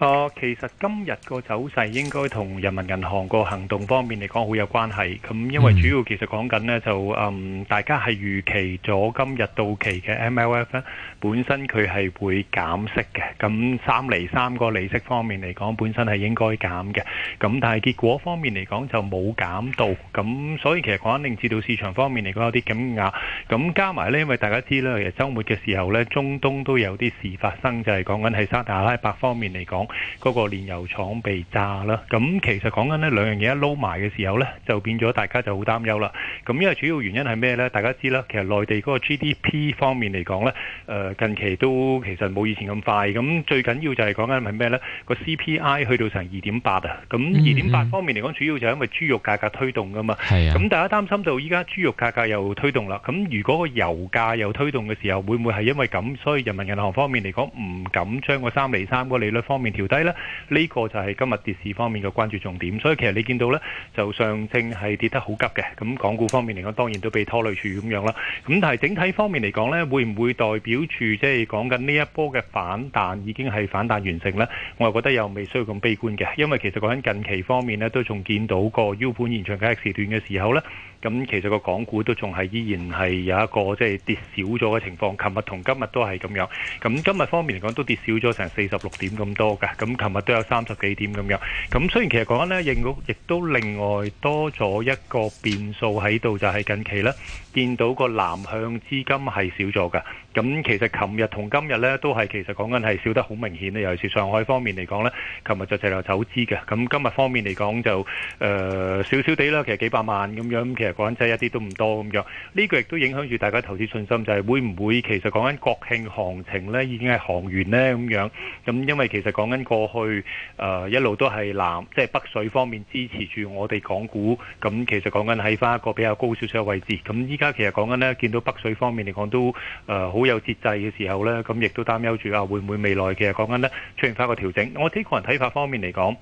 啊，其實今日個走勢應該同人民銀行個行動方面嚟講好有關係。咁因為主要其實講緊咧，就嗯大家係預期咗今日到期嘅 MLF 咧，本身佢係會減息嘅。咁三釐三個利息方面嚟講，本身係應該減嘅。咁但係結果方面嚟講就冇減到。咁所以其實講緊令至到市場方面嚟講有啲緊壓。咁加埋咧，因為大家知啦，其實週末嘅時候咧，中東都有啲事發生，就係講緊喺沙特阿拉伯方面嚟講。嗰、那個煉油廠被炸啦，咁其實講緊呢兩樣嘢一撈埋嘅時候呢，就變咗大家就好擔憂啦。咁因為主要原因係咩呢？大家知啦，其實內地嗰個 GDP 方面嚟講呢，誒、呃、近期都其實冇以前咁快。咁最緊要就係講緊係咩呢？個 CPI 去到成二點八啊，咁二點八方面嚟講，主要就係因為豬肉價格推動噶嘛。咁、啊、大家擔心到依家豬肉價格又推動啦，咁如果個油價又推動嘅時候，會唔會係因為咁，所以人民銀行方面嚟講唔敢將個三釐三個利率方面？調低呢，呢個就係今日跌市方面嘅關注重點。所以其實你見到呢就上證係跌得好急嘅。咁港股方面嚟講，當然都被拖累住咁樣啦。咁但係整體方面嚟講呢，會唔會代表住即係講緊呢一波嘅反彈已經係反彈完成呢？我又覺得又未需要咁悲觀嘅，因為其實講緊近期方面呢，都仲見到個 U 盤現場嘅 X 段嘅時候呢。咁其實個港股都仲係依然係有一個即係跌少咗嘅情況，琴日同今日都係咁樣。咁今日方面嚟講都跌少咗成四十六點咁多㗎，咁琴日都有三十幾點咁樣。咁雖然其實講緊呢，應股亦都另外多咗一個變數喺度，就係近期呢，見到個南向資金係少咗㗎。咁其實琴日同今日咧都係其實講緊係少得好明顯咧，尤其是上海方面嚟講咧，琴日就直頭走資嘅。咁今日方面嚟講就誒少少啲啦，其實幾百萬咁樣，其實講緊真係一啲都唔多咁樣。呢個亦都影響住大家投資信心，就係會唔會其實講緊國慶行情咧已經係行完咧咁樣？咁因為其實講緊過去誒一路都係南即係北水方面支持住我哋港股，咁其實講緊喺返一個比較高少少嘅位置。咁依家其實講緊咧見到北水方面嚟講都誒好，好有節制嘅時候呢，咁亦都擔憂住啊，會唔會未來嘅？其實講緊呢出現翻個調整？我睇個人睇法方面嚟講，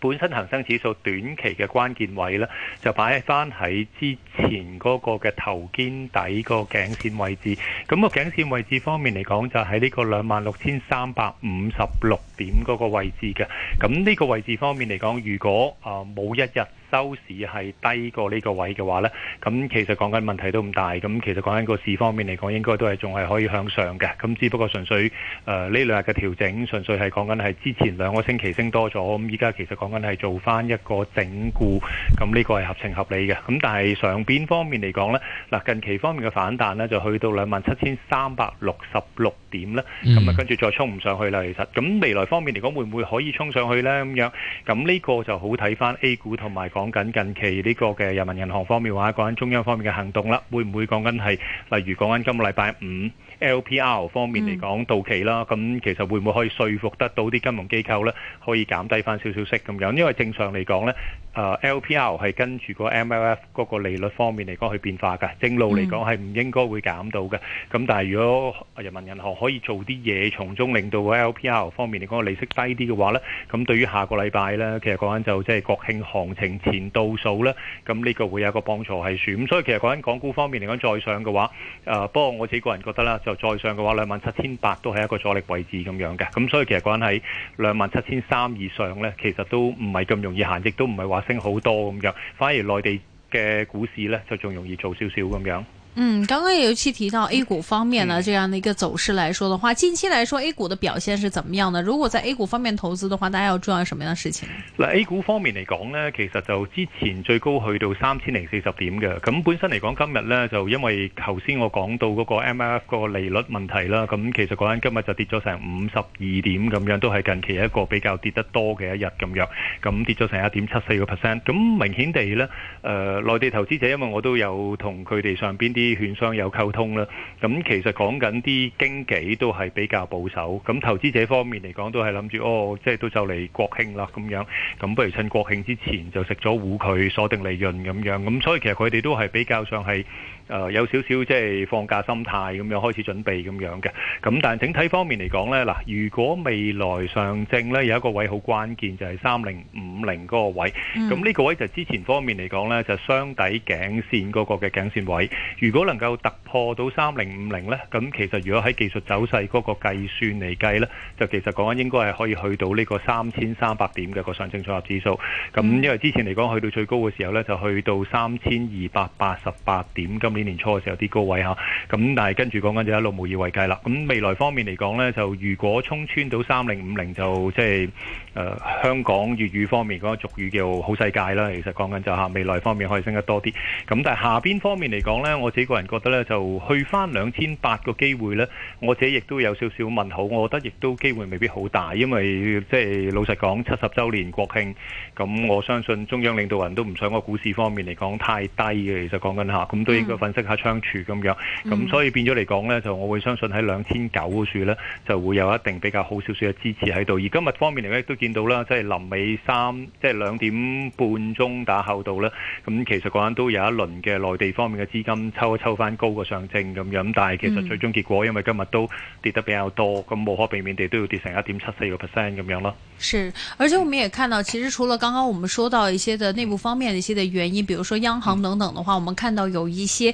本身恒生指數短期嘅關鍵位呢，就擺翻喺之前嗰個嘅頭肩底個頸線位置。咁個頸線位置方面嚟講，就喺、是、呢個兩萬六千三百五十六點嗰個位置嘅。咁呢個位置方面嚟講，如果啊冇、呃、一日。收市係低過呢個位嘅話呢，咁其實講緊問題都唔大。咁其實講緊個市方面嚟講，應該都係仲係可以向上嘅。咁只不過純粹誒呢、呃、兩日嘅調整，純粹係講緊係之前兩個星期升多咗。咁依家其實講緊係做翻一個整固。咁呢個係合情合理嘅。咁但係上邊方面嚟講呢，嗱近期方面嘅反彈呢，就去到兩萬七千三百六十六點啦。咁啊，跟住再衝唔上去啦。其實咁未來方面嚟講，會唔會可以衝上去呢？咁樣咁呢個就好睇翻 A 股同埋。講緊近期呢個嘅人民銀行方面話講緊中央方面嘅行動啦，會唔會講緊係例如講緊今個禮拜五，LPR 方面嚟講到期啦，咁、嗯、其實會唔會可以說服得到啲金融機構呢？可以減低翻少少息咁樣？因為正常嚟講呢啊、uh, LPR 係跟住個 MLF 嗰個利率方面嚟講去變化㗎，正路嚟講係唔應該會減到嘅。咁、嗯、但係如果人民銀行可以做啲嘢，從中令到個 LPR 方面嚟講利息低啲嘅話呢，咁對於下個禮拜呢，其實嗰陣就即係國慶行情前倒數啦，咁呢個會有個幫助係算。咁所以其實講緊港股方面嚟講再上嘅話、呃，不過我自己個人覺得啦，就再上嘅話，兩萬七千八都係一個阻力位置咁樣嘅，咁所以其實講緊喺兩萬七千三以上呢，其實都唔係咁容易行，亦都唔係話升好多咁樣，反而內地嘅股市呢，就仲容易做少少咁樣。嗯，剛剛有去提到 A 股方面呢、嗯，這樣的一個走勢來說的話，嗯、近期來說 A 股的表現是怎麼樣的？如果在 A 股方面投資的話，大家要注意什麼樣的事情？嗱，A 股方面嚟講呢，其實就之前最高去到三千零四十點嘅，咁本身嚟講今日呢，就因為頭先我講到嗰個 MLF 個利率問題啦，咁其實嗰陣今日就跌咗成五十二點咁樣，都係近期一個比較跌得多嘅一日咁樣，咁跌咗成一點七四個 percent，咁明顯地呢，誒、呃、內地投資者因為我都有同佢哋上邊啲。啲券商有溝通啦，咁其實講緊啲經紀都係比較保守，咁投資者方面嚟講都係諗住哦，即係都就嚟國慶啦咁樣，咁不如趁國慶之前就食咗糊，佢鎖定利潤咁樣，咁所以其實佢哋都係比較上係。誒、呃、有少少即係放假心態咁樣開始準備咁樣嘅，咁但係整體方面嚟講呢，嗱，如果未來上證呢，有一個位好關鍵就係三零五零嗰個位，咁呢個位就之前方面嚟講呢，就雙、係、底頸線嗰個嘅頸線位，如果能夠突破到三零五零呢，咁其實如果喺技術走勢嗰個計算嚟計呢，就其實講緊應該係可以去到呢個三千三百點嘅、嗰個上證綜合指數，咁因為之前嚟講去到最高嘅時候呢，就去到三千二百八十八點咁。年年初嘅時候啲高位吓，咁但係跟住講緊就一路無以為繼啦。咁未來方面嚟講咧，就如果衝穿到三零五零，就即係誒香港粵語方面嗰個俗語叫好世界啦。其實講緊就吓未來方面可以升得多啲。咁但係下邊方面嚟講咧，我自己個人覺得咧，就去翻兩千八個機會咧，我自己亦都有少少問號，我覺得亦都機會未必好大，因為即係老實講七十周年國慶咁，我相信中央領導人都唔想個股市方面嚟講太低嘅。其實講緊吓咁都應該。分析下倉儲咁樣，咁所以變咗嚟講呢，就我會相信喺兩千九嗰處呢，就會有一定比較好少少嘅支持喺度。而今日方面嚟講，亦都見到啦，即係臨尾三，即係兩點半鐘打後度咧，咁其實講緊都有一輪嘅內地方面嘅資金抽一抽翻高個上證咁樣。但係其實最終結果，因為今日都跌得比較多，咁無可避免地都要跌成一點七四個 percent 咁樣咯。而且我們也看到，其實除了剛剛我們說到一些的內部方面的一些的原因，比如說央行等等的話，我們看到有一些。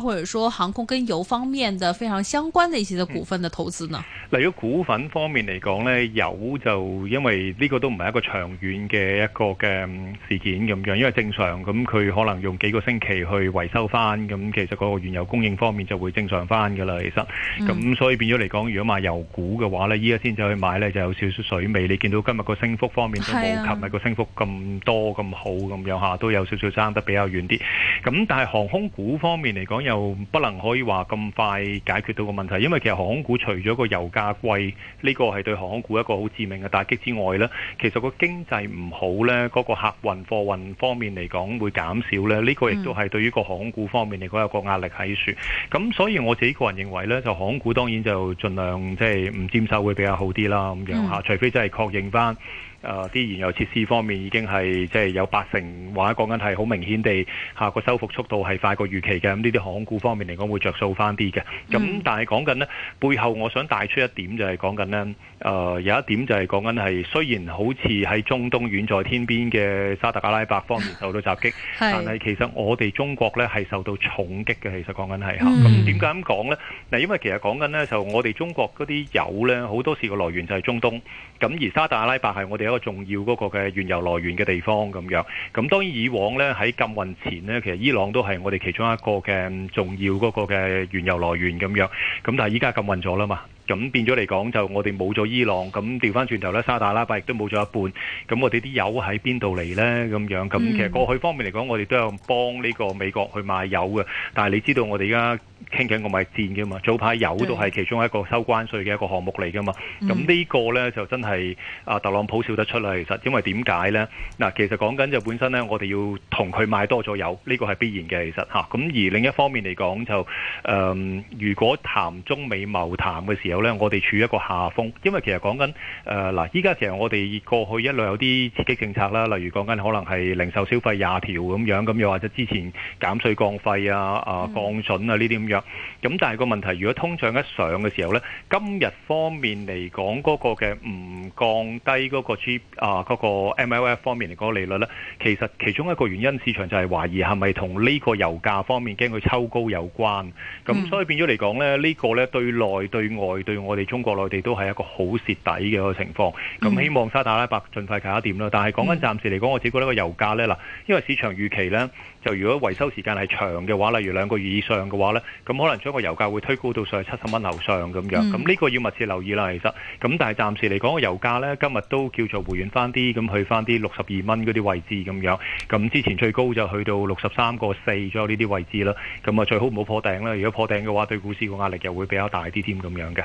或者說航空跟油方面的非常相關的一些的股份的投資呢？嗯、例如股份方面嚟講呢，油就因為呢個都唔係一個長遠嘅一個嘅、嗯、事件咁樣，因為正常咁佢可能用幾個星期去維修翻，咁其實個原油供應方面就會正常翻噶啦。其實咁、嗯、所以變咗嚟講，如果買油股嘅話呢，依家先至去買呢就有少少水味。你見到今日個升幅方面都冇琴日個升幅咁多咁好咁樣吓，都有少少差得比較遠啲。咁但係航空股方面嚟。講又不能可以話咁快解決到個問題，因為其實航空股除咗個油價貴呢、這個係對航空股一個好致命嘅打擊之外呢，其實個經濟唔好呢嗰、那個客運貨運方面嚟講會減少呢呢、這個亦都係對於個航空股方面嚟講有個壓力喺處。咁、嗯、所以我自己個人認為呢就航空股當然就盡量即係唔沾手會比較好啲啦。咁樣下除非真係確認翻。誒啲燃油設施方面已經係即係有八成，話講緊係好明顯地，下個修復速度係快過預期嘅。咁呢啲航空股方面嚟講會著數翻啲嘅。咁但係講緊咧，背後我想帶出一點就係講緊咧，誒有一點就係講緊係，雖然好似喺中東遠在天邊嘅沙特阿拉伯方面受到襲擊，但係其實我哋中國咧係受到重擊嘅。其實講緊係嚇，咁點解咁講咧？嗱，因為其實講緊咧就我哋中國嗰啲油咧好多時個來源就係中東，咁而沙特阿拉伯係我哋，一個重要嗰個嘅原油來源嘅地方咁樣，咁當然以往呢，喺禁運前呢，其實伊朗都係我哋其中一個嘅重要嗰個嘅原油來源咁樣，咁但係依家禁運咗啦嘛。咁變咗嚟講，就我哋冇咗伊朗，咁調翻轉頭咧，沙阿拉伯亦都冇咗一半。咁我哋啲油喺邊度嚟呢？咁樣咁其實過去方面嚟講，我哋都有幫呢個美國去賣油嘅。但係你知道我哋而家傾緊個買戰嘅嘛？早排油都係其中一個收關稅嘅一個項目嚟㗎嘛。咁呢個呢，就真係啊，特朗普笑得出嚟。其實因為點解呢？嗱，其實講緊就本身呢，我哋要同佢賣多咗油，呢、這個係必然嘅。其實咁、啊、而另一方面嚟講，就、嗯、如果談中美貿談嘅時候。 我哋處於一個下風，因為其實講緊誒嗱，依家成日我哋過去一路有啲刺激政策啦，例如講緊可能係零售消費廿條咁樣，咁又或者之前減稅降費啊、啊降準啊呢啲咁樣。咁但係個問題，如果通脹一上嘅時候呢，今日方面嚟講嗰個嘅唔降低嗰個 G 啊嗰個 MLF 方面嚟講利率呢，其實其中一個原因，市場就係懷疑係咪同呢個油價方面驚佢抽高有關。咁所以變咗嚟講呢，呢個呢，對內對外，對我哋中國內地都係一個好蝕底嘅個情況，咁希望沙特阿拉伯盡快搞掂啦。但係講緊暫時嚟講，我只覺得個油價呢，嗱，因為市場預期呢，就如果維修時間係長嘅話，例如兩個月以上嘅話呢，咁可能將個油價會推高到上去七十蚊樓上咁樣。咁呢個要密切留意啦，其實。咁但係暫時嚟講，個油價呢今日都叫做回軟翻啲，咁去翻啲六十二蚊嗰啲位置咁樣。咁之前最高就去到六十三個四左右呢啲位置啦。咁啊，最好唔好破頂啦。如果破頂嘅話，對股市個壓力又會比較大啲添咁樣嘅。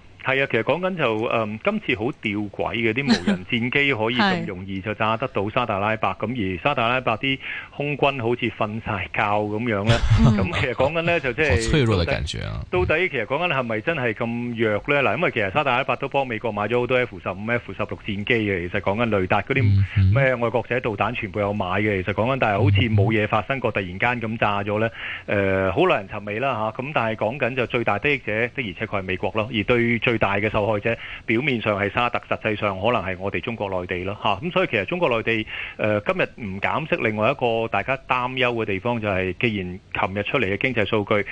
係啊，其實講緊就嗯，今次好吊詭嘅啲無人戰機可以咁容易就炸得到沙特拉伯。咁 而沙特拉伯啲空軍好似瞓晒覺咁樣咧。咁 其實講緊咧就即係到底 脆弱感覺、啊，到底其實講緊係咪真係咁弱咧？嗱，因為其實沙特拉伯都幫美國買咗好多 F 十五、F 十六戰機嘅，其實講緊雷達嗰啲咩外國者導彈全部有買嘅，其實講緊但係好似冇嘢發生過，突然間咁炸咗咧。誒、呃，好耐人尋味啦嚇。咁但係講緊就最大得益者的，而且確係美國咯，而最大嘅受害者，表面上係沙特，實際上可能係我哋中國內地咯吓，咁、啊嗯、所以其實中國內地誒、呃、今日唔減息，另外一個大家擔憂嘅地方就係、是、既然琴日出嚟嘅經濟數據誒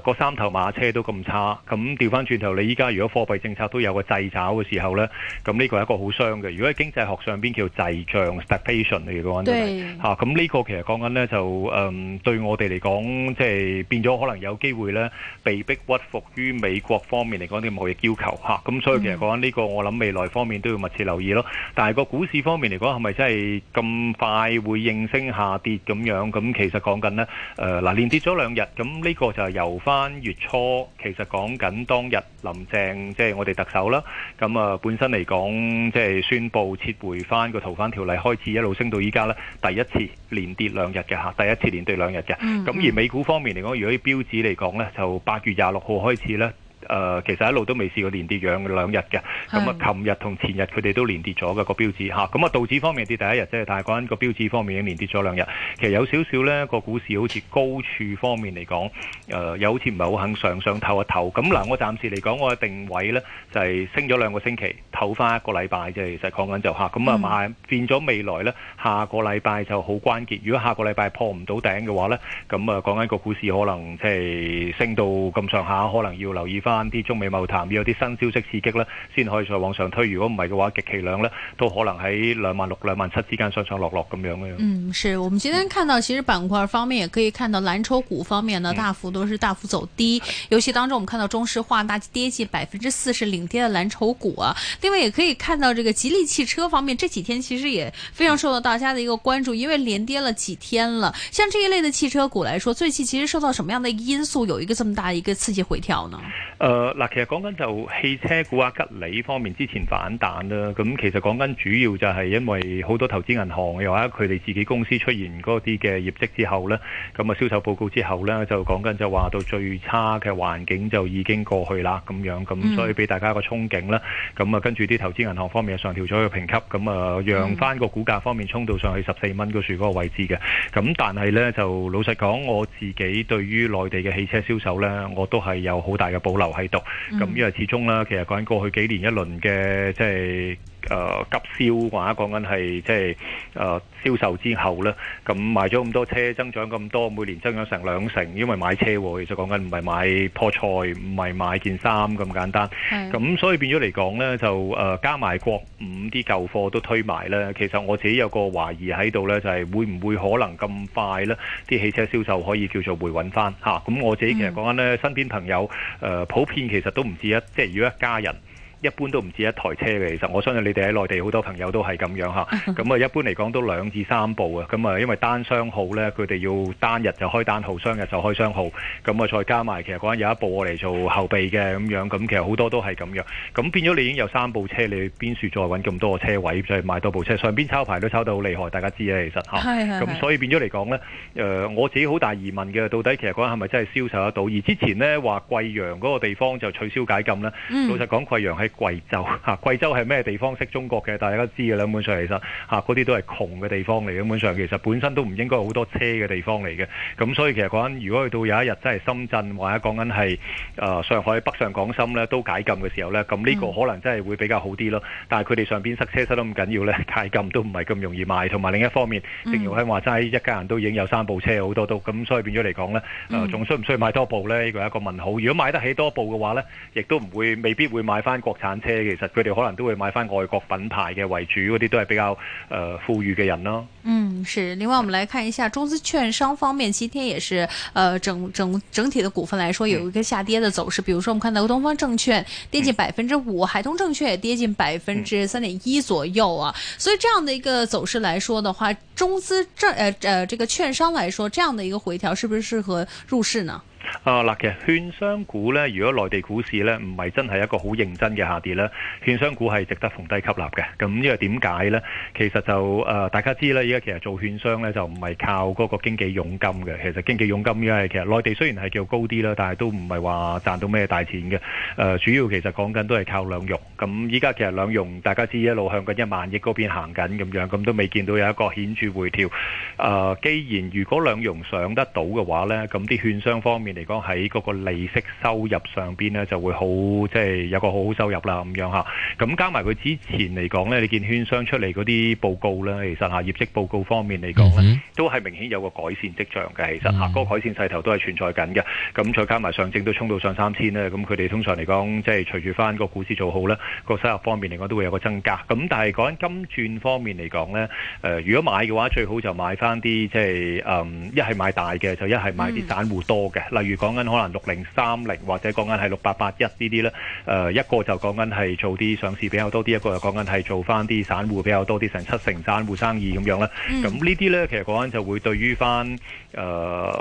個、呃、三頭馬車都咁差，咁調翻轉頭你依家如果貨幣政策都有個掣肘嘅時候咧，咁、嗯、呢、這個係一個好傷嘅。如果喺經濟學上邊叫做滯脹 station 嚟講嚇，咁呢個其實講緊咧就誒、嗯、對我哋嚟講即係變咗可能有機會咧被逼屈服於美國方面嚟講啲貿易。求吓，咁所以其實講呢個，我諗未來方面都要密切留意咯。但係個股市方面嚟講，係咪真係咁快會應聲下跌咁樣？咁其實講緊呢，誒、呃、嗱，連跌咗兩日，咁呢個就係由翻月初，其實講緊當日林鄭即係我哋特首啦，咁啊本身嚟講即係宣布撤回翻個逃犯條例，開始一路升到依家呢第一次連跌兩日嘅吓，第一次連跌兩日嘅。咁而美股方面嚟講，如果標指嚟講呢，就八月廿六號開始呢。誒、呃、其實一路都未試過連跌兩兩日嘅，咁啊，琴日同前日佢哋都連跌咗嘅、個標指嚇，咁啊、嗯、道指方面也跌第一日即係，但係講緊個標指方面已經連跌咗兩日，其實有少少呢個股市好似高處方面嚟講，誒、呃、又好似唔係好肯上上透啊透。咁嗱、呃，我暫時嚟講我嘅定位呢就係、是、升咗兩個星期，唞翻一個禮拜即係，其實講緊就嚇，咁啊買變咗未來呢，下個禮拜就好關鍵，如果下個禮拜破唔到頂嘅話呢，咁啊講緊個股市可能即係、就是、升到咁上下，可能要留意翻翻啲中美貿談要有啲新消息刺激咧，先可以再往上推。如果唔係嘅話，極其量咧都可能喺兩萬六、兩萬七之間上上落落咁樣嘅。嗯，是。我們今天看到，嗯、其實板塊方面也可以看到藍籌股方面呢、嗯、大幅都是大幅走低。尤其當中，我們看到中石化大跌至百分之四十，領跌嘅藍籌股啊。另外，也可以看到這個吉利汽車方面，這幾天其實也非常受到大家嘅一個關注、嗯，因為連跌了幾天了。像這一類的汽車股來說，最近其實受到什麼樣的因素，有一個這麼大的一個刺激回調呢？誒、呃、嗱，其實講緊就汽車股啊，吉利方面之前反彈啦。咁其實講緊主要就係因為好多投資銀行又話，佢哋自己公司出現嗰啲嘅業績之後呢，咁啊銷售報告之後呢，就講緊就話到最差嘅環境就已經過去啦，咁樣咁所以俾大家一個憧憬啦。咁啊跟住啲投資銀行方面又上調咗個評級，咁啊讓返個股價方面衝到上去十四蚊嗰處嗰個位置嘅。咁但係呢，就老實講，我自己對於內地嘅汽車銷售呢，我都係有好大嘅保留。喺度，咁因為始終啦，其實講緊過去幾年一輪嘅，即係。誒急銷或者講緊係即係誒銷售之後咧，咁賣咗咁多車，增長咁多，每年增長成兩成，因為買車喎，其實講緊唔係買樖菜，唔係買件衫咁簡單。咁所以變咗嚟講咧，就誒加埋國五啲舊貨都推埋咧。其實我自己有個懷疑喺度咧，就係會唔會可能咁快咧，啲汽車銷售可以叫做回穩返吓？咁我自己其實講緊咧，身邊朋友誒普遍其實都唔止一，即係如果一家人，一般都唔止一台車嘅。其實我相信你哋喺內地好多朋友都係咁樣嚇，咁 啊一般嚟講都兩至三部啊，咁啊因為單雙號咧，佢哋要單日就開單號，雙日就開雙號，咁啊再加埋其實嗰陣有一部我嚟做後備嘅咁樣，咁其實好多都係咁樣，咁變咗你已經有三部車，你邊處再揾咁多個車位，再、就是、買多部車，上邊抄牌都抄得好厲害，大家知啊其實嚇，咁 所以變咗嚟講呢，誒、呃、我自己好大疑問嘅，到底其實嗰陣係咪真係銷售得到？而之前呢話貴陽嗰個地方就取消解禁咧、嗯，老實講貴陽係。貴州嚇，貴州係咩地方？識中國嘅，大家都知嘅啦。基本上其實嚇，嗰、啊、啲都係窮嘅地方嚟。基本上其實本身都唔應該好多車嘅地方嚟嘅。咁所以其實講緊，如果去到有一日真係深圳或者講緊係誒上海北上廣深咧都解禁嘅時候呢，咁呢個可能真係會比較好啲咯。但係佢哋上邊塞車塞得咁緊要呢，解禁都唔係咁容易賣。同埋另一方面，正如我哋話齋，一家人都已經有三部車，好多都咁，所以變咗嚟講呢，仲、呃、需唔需要買多部呢？呢、這個係一個問號。如果買得起多部嘅話呢，亦都唔會未必會買翻過。產車其實佢哋可能都會買返外國品牌嘅為主，嗰啲都係比較誒、呃、富裕嘅人咯。嗯，是。另外，我們來看一下中資券商方面，今天也是誒、呃、整整整體的股份來說有一個下跌的走勢，嗯。比如說，我們看到東方證券跌近百分之五，海通證券也跌近百分之三點一左右啊。所以這樣的一個走勢來說的話，中資證誒誒這個券商來說，這樣的一個回調，是不是適合入市呢？啊嗱，其實券商股呢，如果內地股市呢，唔係真係一個好認真嘅下跌咧，券商股係值得逢低吸納嘅。咁因為點解呢？其實就誒、呃，大家知啦，而家其實做券商呢，就唔係靠嗰個經紀佣金嘅。其實經紀佣金因為其實內地雖然係叫高啲啦，但係都唔係話賺到咩大錢嘅。誒、呃，主要其實講緊都係靠兩融。咁依家其實兩融大家知一路向緊一萬億嗰邊行緊咁樣，咁都未見到有一個顯著回調。誒、呃，既然如果兩融上得到嘅話呢，咁啲券商方面。嚟講喺嗰個利息收入上邊咧，就會好即係有個好好收入啦，咁樣吓。咁加埋佢之前嚟講咧，你見券商出嚟嗰啲報告咧，其實吓業績報告方面嚟講咧，都係明顯有個改善跡象嘅。其實吓嗰個改善勢頭都係存在緊嘅。咁再加埋上證都衝到上三千咧，咁佢哋通常嚟講，即係隨住翻個股市做好啦，個收入方面嚟講都會有個增加。咁但係講緊金鑽方面嚟講咧，誒如果買嘅話，最好就買翻啲即係誒一係買大嘅，就一係買啲散戶多嘅。例如講緊可能六零三零或者講緊係六八八一呢啲呢，誒、呃、一個就講緊係做啲上市比較多啲，一個又講緊係做翻啲散戶比較多啲，成七成散戶生意咁樣啦。咁呢啲呢，其實講緊就會對於翻誒，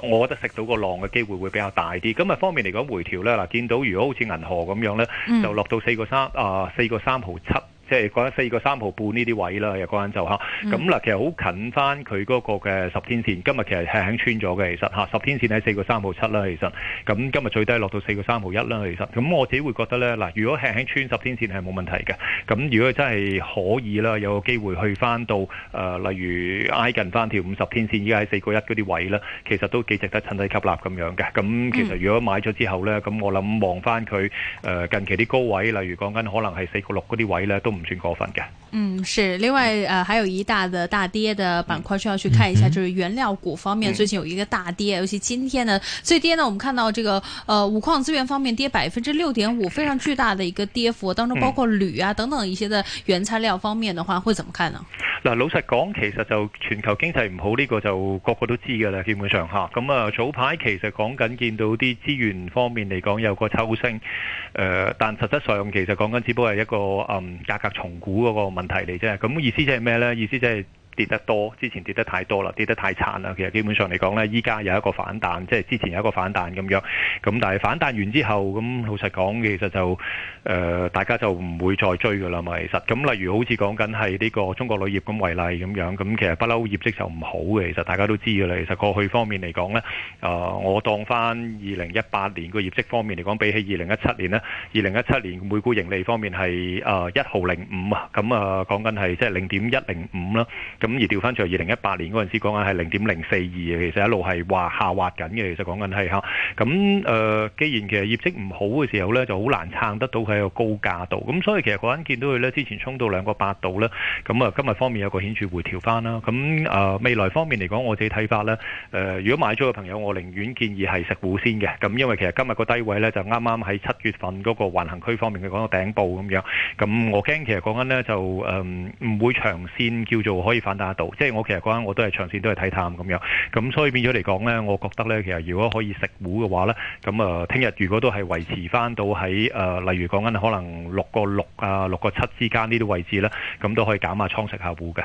我覺得食到個浪嘅機會會比較大啲。咁啊方面嚟講回調呢，嗱見到如果好似銀河咁樣呢，就落到四個三，啊四個三毫七。即係講得四個三毫半呢啲位啦，又講緊就嚇咁嗱，其實好近翻佢嗰個嘅十天線。今日其實輕輕穿咗嘅，其實嚇、啊、十天線喺四個三毫七啦，其實咁今日最低落到四個三毫一啦，其實咁我自己會覺得呢，嗱，如果輕輕穿十天線係冇問題嘅。咁如果真係可以啦，有機會去翻到誒、呃，例如挨近翻條五十天線，依家喺四個一嗰啲位啦，其實都幾值得趁低吸納咁樣嘅。咁其實如果買咗之後呢，咁我諗望翻佢誒近期啲高位，例如講緊可能係四個六嗰啲位呢。都唔算過分嘅。嗯，是，另外，呃，還有一大的大跌的板塊，嗯，需要去看一下，嗯，就是原料股方面，最近有一個大跌，嗯，尤其今天呢，最跌呢，我們看到這個，呃，五礦資源方面跌百分之六點五，非常巨大的一個跌幅，當中包括鋁啊等等一些的原材料方面的話，會怎麼看呢？嗱，老實講，其實就全球經濟唔好呢個就個個都知噶啦，基本上吓，咁啊早排其實講緊見到啲資源方面嚟講有個抽升，呃，但實質上其實講緊只不過係一個嗯，價格重估嗰個。問題嚟啫，咁意思即係咩咧？意思即係。跌得多，之前跌得太多啦，跌得太慘啦。其實基本上嚟講咧，依家有一個反彈，即係之前有一個反彈咁樣。咁但係反彈完之後，咁老實講，其實就誒大家就唔會再追噶啦嘛。其實咁，例如好似講緊係呢個中國鋁業咁為例咁樣，咁其實不嬲業績就唔好嘅。其實大家都知噶啦。其實過去方面嚟講咧，誒我當翻二零一八年個業績方面嚟講，比起二零一七年咧，二零一七年每股盈利方面係誒一毫零五啊，咁啊講緊係即係零點一零五啦。咁而調翻出嚟，二零一八年嗰陣時講緊係零點零四二，其實一路係話下滑緊嘅。其實講緊係嚇，咁誒，既然其實業績唔好嘅時候咧，就好難撐得到佢喺個高價度。咁所以其實嗰陣見到佢咧，之前衝到兩個八度咧，咁啊，今日方面有個顯著回調翻啦。咁啊，未來方面嚟講，我自己睇法咧，誒，如果買咗嘅朋友，我寧願建議係食股先嘅。咁因為其實今日個低位咧，就啱啱喺七月份嗰個環行區方面嘅個頂部咁樣。咁我驚其實講緊咧就誒唔會長線叫做可以反。打即係我其實講緊，我都係長線都係睇探咁樣，咁所以變咗嚟講呢，我覺得呢，其實如果可以食糊嘅話呢，咁啊，聽日如果都係維持翻到喺誒、呃，例如講緊可能六個六啊，六個七之間呢啲位置呢，咁都可以減下倉食下糊嘅。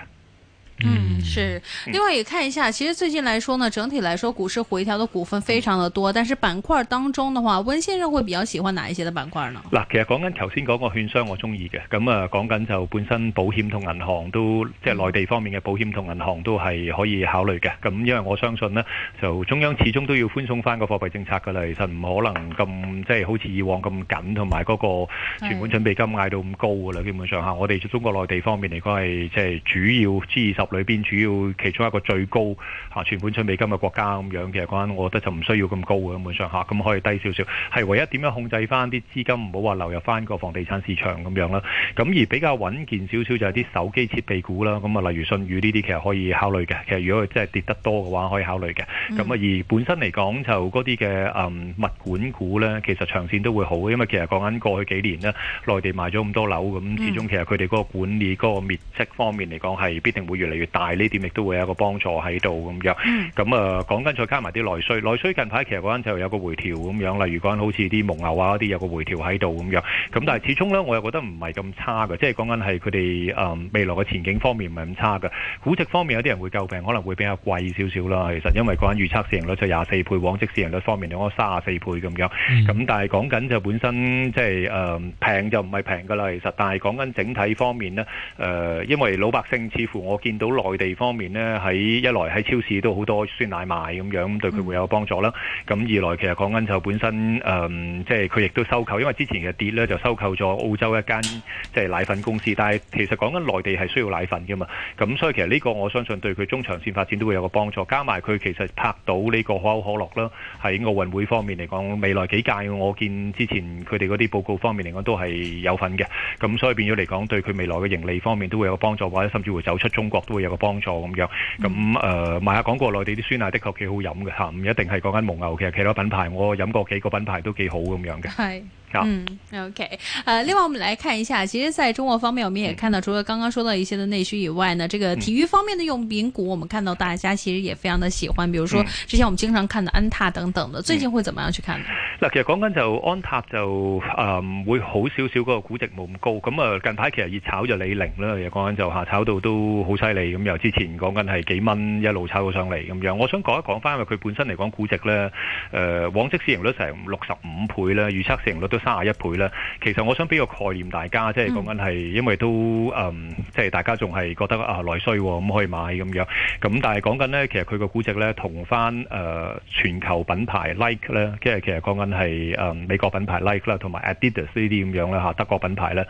嗯，是。另外也看一下，其實最近來說呢，整體來說股市回調的股份非常的多，但是板塊當中的話，温先生會比較喜歡哪一些的板塊呢？嗱，其實講緊頭先嗰個券商我，我中意嘅。咁啊，講緊就本身保險同銀行都即係內地方面嘅保險同銀行都係可以考慮嘅。咁、嗯、因為我相信呢，就中央始終都要寬鬆翻個貨幣政策噶啦，其實唔可能咁即係好似以往咁緊，同埋嗰個存款準備金嗌到咁高噶啦。基本上吓，我哋中國內地方面嚟講係即係主要支持。裏邊主要其中一個最高嚇存款準備金嘅國家，咁樣其實講緊我覺得就唔需要咁高嘅咁上下，咁、啊、可以低少少。係唯一點樣控制翻啲資金，唔好話流入翻個房地產市場咁樣啦。咁而比較穩健少少就係啲手機設備股啦。咁啊，例如舜宇呢啲，其實可以考慮嘅。其實如果佢真係跌得多嘅話，可以考慮嘅。咁、嗯、啊，而本身嚟講就嗰啲嘅物管股呢，其實長線都會好，因為其實講緊過去幾年呢，內地賣咗咁多樓，咁始終其實佢哋嗰個管理嗰、嗯、嗰個面積方面嚟講，係必定會越。越大呢，點亦都會有一個幫助喺度咁樣。咁啊，講緊再加埋啲內需，內需近排其實嗰陣就有個回調咁樣。例如講好似啲蒙牛啊啲有個回調喺度咁樣。咁但係始終呢，我又覺得唔係咁差嘅，即係講緊係佢哋誒未來嘅前景方面唔係咁差嘅。估值方面有啲人會救平，可能會比較貴少少啦。其實因為講緊預測市盈率就廿四倍，往績市盈率方面嚟講三十四倍咁樣。咁但係講緊就本身即係誒平就唔係平噶啦。其實，但係講緊整體方面呢，誒、呃，因為老百姓似乎我見。到內地方面呢，喺一來喺超市都好多酸奶賣噉樣，對佢會有幫助啦。噉二來其實講緊就本身誒、嗯，即係佢亦都收購，因為之前其實跌咧就收購咗澳洲一間即係奶粉公司。但係其實講緊內地係需要奶粉噶嘛，噉所以其實呢個我相信對佢中長線發展都會有個幫助。加埋佢其實拍到呢個可口可樂啦，喺奧運會方面嚟講，未來幾屆我見之前佢哋嗰啲報告方面嚟講都係有份嘅。噉所以變咗嚟講，對佢未來嘅盈利方面都會有幫助，或者甚至會走出中國。會有個幫助咁樣，咁誒，咪、呃、講過內地啲酸奶的確幾好飲嘅吓，唔一定係嗰間蒙牛嘅，其實其他品牌我飲過幾個品牌都幾好咁樣嘅。係。嗯，OK，呃、啊，另外我們來看一下，其實在中國方面，我們也看到，除了剛剛說到一些的內需以外呢，這個體育方面的用品股，我們看到大家其實也非常的喜歡，比如說之前我們經常看的安踏等等的，嗯、最近會怎麼樣去看？嗱，其實講緊就安踏就呃會好少少嗰個估值冇咁高，咁啊近排其實熱炒李寧說，說就李寧啦，又講緊就下炒到都好犀利，咁由之前講緊係幾蚊一路炒到上嚟咁樣，我想講一講翻，因為佢本身嚟講估值呢、呃，往績市盈率成六十五倍啦，預測市盈率都。三十一倍啦，其實我想俾個概念大家，即係講緊係因為都嗯，即係大家仲係覺得啊內需咁可以買咁樣，咁但係講緊呢，其實佢個估值呢同返誒全球品牌 Nike 呢，即係其實講緊係誒美國品牌 Nike 啦，同埋 Adidas 呢啲咁樣啦嚇，德國品牌呢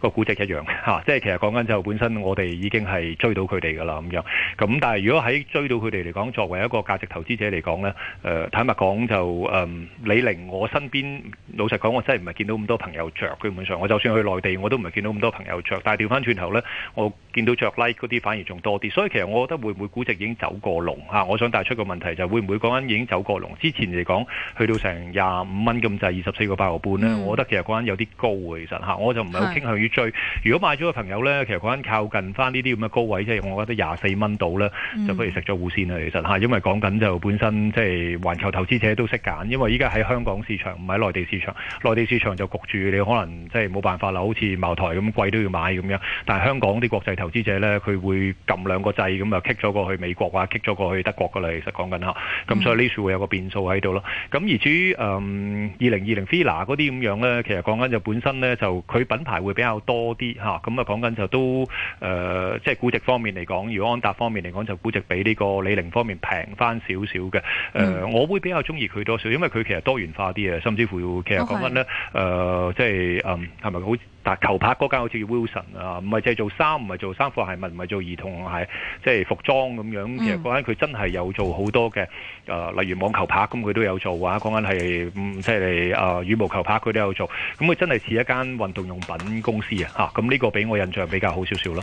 個估值一樣嚇，即係其實講緊就本身我哋已經係追到佢哋噶啦咁樣，咁但係如果喺追到佢哋嚟講，作為一個價值投資者嚟講呢，誒坦白講就誒李寧，我身邊老實講我真。唔係見到咁多朋友着，基本上，我就算去內地我都唔係見到咁多朋友着。但係調翻轉頭呢，我見到着 like 嗰啲反而仲多啲。所以其實我覺得會唔會估值已經走過龍啊？我想帶出個問題就係會唔會講緊已經走過龍？之前嚟講去到成廿五蚊咁滯，二十四個八毫半呢、嗯。我覺得其實講緊有啲高其實嚇，我就唔係好傾向於追。如果買咗嘅朋友呢，其實講緊靠近翻呢啲咁嘅高位即係，我覺得廿四蚊到呢，就不如食咗糊先啦。其實嚇，因為講緊就本身即係環球投資者都識揀，因為依家喺香港市場唔喺內地市場，內地。市場就焗住，你可能即係冇辦法啦。好似茅台咁貴都要買咁樣，但係香港啲國際投資者呢，佢會撳兩個掣，咁啊 kick 咗過去美國話 kick 咗過去德國噶啦。其實講緊啊，咁所以呢處會有個變數喺度咯。咁而至於二零二零 Fila 嗰啲咁樣呢，其實講緊就本身呢，就佢品牌會比較多啲吓，咁啊講緊就都誒即係估值方面嚟講，如果安踏方面嚟講就估值比呢個李寧方面平翻少少嘅。誒、呃嗯，我會比較中意佢多少，因為佢其實多元化啲啊，甚至乎其實講緊呢。Okay. 誒、呃，即係嗯，係咪好打球拍嗰間好似叫 Wilson 啊？唔係淨係做衫，唔係做衫褲鞋襪，唔係做兒童鞋，即係服裝咁樣。其實講緊佢真係有做好多嘅誒、呃，例如網球拍，咁佢都有做啊。講緊係嗯，即係誒羽毛球拍，佢都有做。咁佢、嗯呃、真係似一間運動用品公司啊！嚇，咁呢個俾我印象比較好少少咯。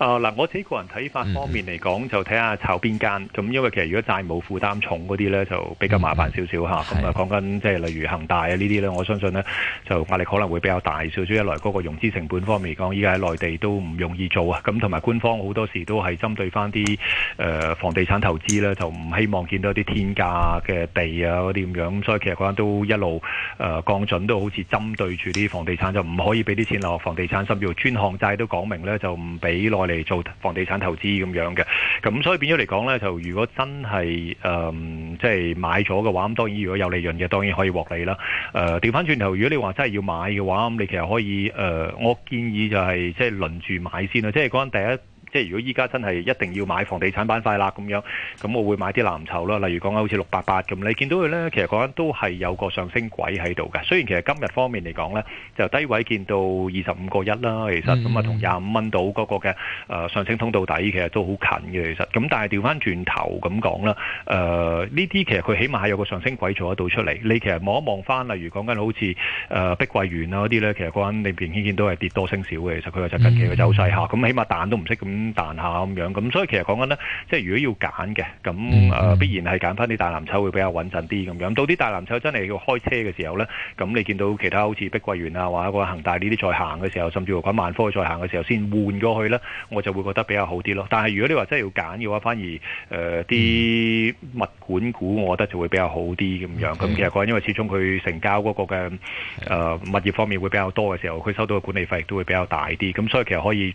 啊、呃、嗱，我自己個人睇法方面嚟講，是是就睇下炒邊間。咁因為其實如果債務負擔重嗰啲呢，就比較麻煩少少嚇。咁啊講緊即係例如恒大啊呢啲呢，我相信呢，就壓力可能會比較大少少。一來嗰個融資成本方面嚟講，依家喺內地都唔容易做啊。咁同埋官方好多時都係針對翻啲誒房地產投資呢，就唔希望見到一啲天價嘅地啊嗰啲咁樣。所以其實講緊都一路誒降準，都好似針對住啲房地產，就唔可以俾啲錢落房地產甚至乎。專項債都講明呢，就唔俾內，嚟做房地產投資咁樣嘅，咁所以變咗嚟講呢，就如果真係誒，即、呃、係、就是、買咗嘅話，咁當然如果有利潤嘅，當然可以獲利啦。誒、呃，調翻轉頭，如果你話真係要買嘅話，咁你其實可以誒、呃，我建議就係即係輪住買先啦，即係講緊第一。即係如果依家真係一定要買房地產板塊啦，咁樣咁我會買啲藍籌啦，例如講緊好似六八八咁，你見到佢呢，其實講緊都係有個上升軌喺度嘅。雖然其實今日方面嚟講呢，就低位見到二十五個一啦，其實咁啊同廿五蚊到嗰個嘅、呃、上升通道底其實都好近嘅。其實咁但係調翻轉頭咁講啦，誒呢啲其實佢起碼係有個上升軌做得到出嚟。你其實望一望翻，例如講緊好似碧桂園啊嗰啲呢，其實講緊你明顯見到係跌多升少嘅。其實佢就近期嘅走勢嚇，咁、嗯啊、起碼彈都唔識咁。彈下咁樣，咁所以其實講緊呢，即係如果要揀嘅，咁誒、mm -hmm. 呃、必然係揀翻啲大藍籌會比較穩陣啲咁樣。到啲大藍籌真係要開車嘅時候呢，咁你見到其他好似碧桂園啊，或者個恒大呢啲再行嘅時候，甚至乎講萬科再行嘅時候，先換過去呢，我就會覺得比較好啲咯。但係如果你話真係要揀嘅話，反而誒啲、呃、物管股，我覺得就會比較好啲咁、mm -hmm. 樣。咁其實講，因為始終佢成交嗰個嘅誒、呃、物業方面會比較多嘅時候，佢收到嘅管理費都會比較大啲，咁所以其實可以。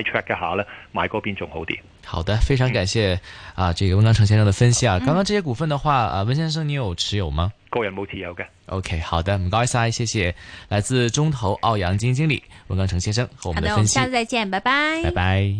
一下呢，買嗰邊仲好啲。好的，非常感謝、嗯、啊，這個溫鋼城先生的分析啊、嗯。剛剛這些股份的話，啊，温先生你有持有嗎？個人冇持有嘅。OK，好的，唔該晒，謝謝來自中投澳陽基金經理溫鋼城先生和我們的分析。好的，我們下次再見，拜拜，拜拜。